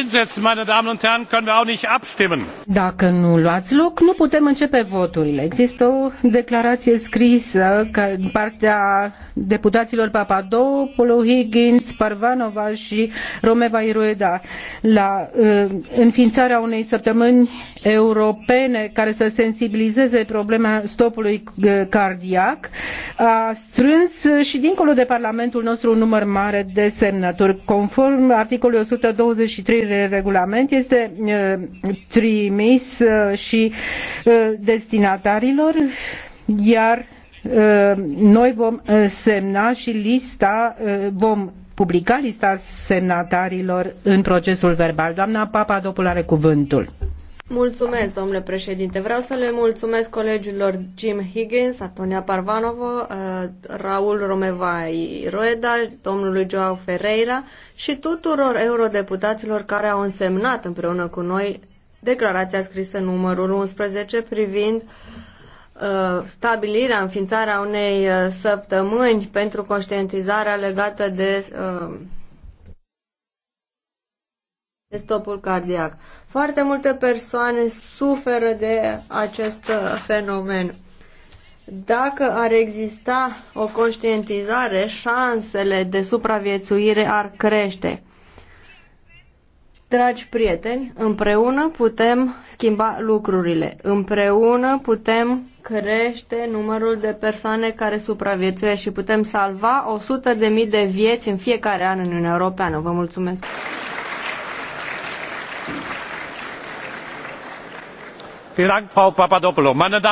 hinsetzen, meine Damen und Herren, können wir auch nicht abstimmen. Dacă nu luați loc, nu putem începe voturile. Există o declarație scrisă că partea deputaților Papadopoulou, Higgins, Parvanova și Romeva Irueda la uh, înființarea unei săptămâni europene care să sensibilizeze problema stopului uh, cardiac a strâns și dincolo de Parlamentul nostru un număr mare de semnături. Conform articolului 123 regulament este uh, trimis și destinatarilor iar Uh, noi vom uh, semna și lista, uh, vom publica lista semnatarilor în procesul verbal. Doamna Dopul are cuvântul. Mulțumesc, domnule președinte. Vreau să le mulțumesc colegilor Jim Higgins, Antonia Parvanovo, Raul Romevai Roeda, domnului Joao Ferreira și tuturor eurodeputaților care au însemnat împreună cu noi declarația scrisă numărul 11 privind uh, Uh, stabilirea, înființarea unei uh, săptămâni pentru conștientizarea legată de, uh, de stopul cardiac. Foarte multe persoane suferă de acest fenomen. Dacă ar exista o conștientizare, șansele de supraviețuire ar crește. Dragi prieteni, împreună putem schimba lucrurile. Împreună putem crește numărul de persoane care supraviețuiesc și putem salva 100.000 de, mii de vieți în fiecare an în Uniunea Europeană. Vă mulțumesc! Vielen Dank, Frau Papadopoulou.